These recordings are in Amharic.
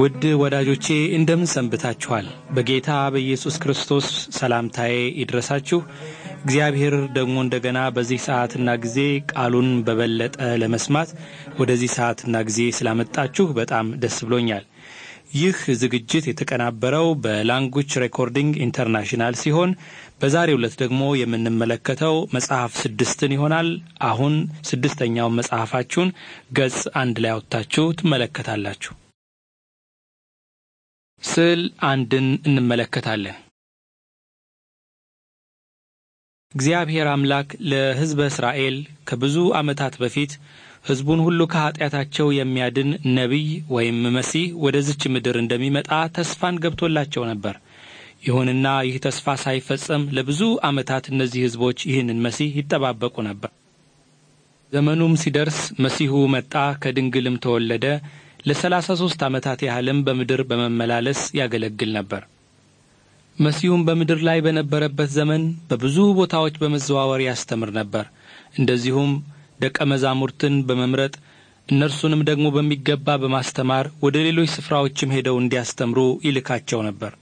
ውድ ወዳጆቼ እንደምን ሰንብታችኋል? በጌታ በኢየሱስ ክርስቶስ ሰላምታዬ ይድረሳችሁ። እግዚአብሔር ደግሞ እንደገና በዚህ ሰዓትና ጊዜ ቃሉን በበለጠ ለመስማት ወደዚህ ሰዓትና ጊዜ ስላመጣችሁ በጣም ደስ ብሎኛል። ይህ ዝግጅት የተቀናበረው በላንጉች ሬኮርዲንግ ኢንተርናሽናል ሲሆን በዛሬው ዕለት ደግሞ የምንመለከተው መጽሐፍ ስድስትን ይሆናል። አሁን ስድስተኛውን መጽሐፋችሁን ገጽ አንድ ላይ አውጥታችሁ ትመለከታላችሁ። ስዕል አንድን እንመለከታለን። እግዚአብሔር አምላክ ለሕዝበ እስራኤል ከብዙ ዓመታት በፊት ሕዝቡን ሁሉ ከኀጢአታቸው የሚያድን ነቢይ ወይም መሲህ ወደዚች ምድር እንደሚመጣ ተስፋን ገብቶላቸው ነበር። ይሁንና ይህ ተስፋ ሳይፈጸም ለብዙ ዓመታት እነዚህ ሕዝቦች ይህንን መሲህ ይጠባበቁ ነበር። ዘመኑም ሲደርስ መሲሁ መጣ፣ ከድንግልም ተወለደ። ለሰላሳ ሦስት ዓመታት ያህልም በምድር በመመላለስ ያገለግል ነበር። መሲሁም በምድር ላይ በነበረበት ዘመን በብዙ ቦታዎች በመዘዋወር ያስተምር ነበር። እንደዚሁም ደቀ መዛሙርትን በመምረጥ እነርሱንም ደግሞ በሚገባ በማስተማር ወደ ሌሎች ስፍራዎችም ሄደው እንዲያስተምሩ ይልካቸው ነበር።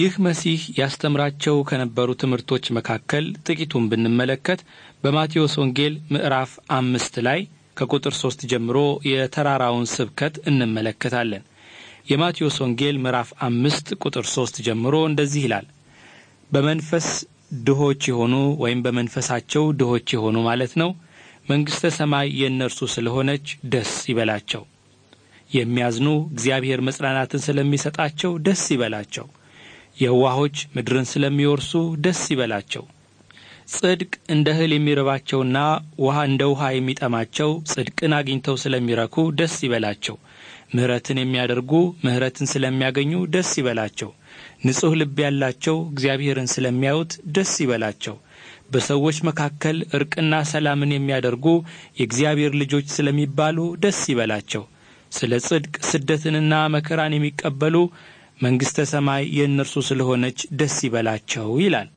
ይህ መሲህ ያስተምራቸው ከነበሩ ትምህርቶች መካከል ጥቂቱን ብንመለከት በማቴዎስ ወንጌል ምዕራፍ አምስት ላይ ከቁጥር ሶስት ጀምሮ የተራራውን ስብከት እንመለከታለን። የማቴዎስ ወንጌል ምዕራፍ አምስት ቁጥር ሶስት ጀምሮ እንደዚህ ይላል በመንፈስ ድሆች የሆኑ ወይም በመንፈሳቸው ድሆች የሆኑ ማለት ነው መንግሥተ ሰማይ የእነርሱ ስለሆነች ደስ ይበላቸው። የሚያዝኑ እግዚአብሔር መጽናናትን ስለሚሰጣቸው ደስ ይበላቸው። የዋሆች ምድርን ስለሚወርሱ ደስ ይበላቸው። ጽድቅ እንደ እህል የሚርባቸውና ውሃ እንደ ውሃ የሚጠማቸው ጽድቅን አግኝተው ስለሚረኩ ደስ ይበላቸው። ምሕረትን የሚያደርጉ ምሕረትን ስለሚያገኙ ደስ ይበላቸው። ንጹሕ ልብ ያላቸው እግዚአብሔርን ስለሚያዩት ደስ ይበላቸው። በሰዎች መካከል እርቅና ሰላምን የሚያደርጉ የእግዚአብሔር ልጆች ስለሚባሉ ደስ ይበላቸው። ስለ ጽድቅ ስደትንና መከራን የሚቀበሉ መንግሥተ ሰማይ የእነርሱ ስለሆነች ደስ ይበላቸው ይላል።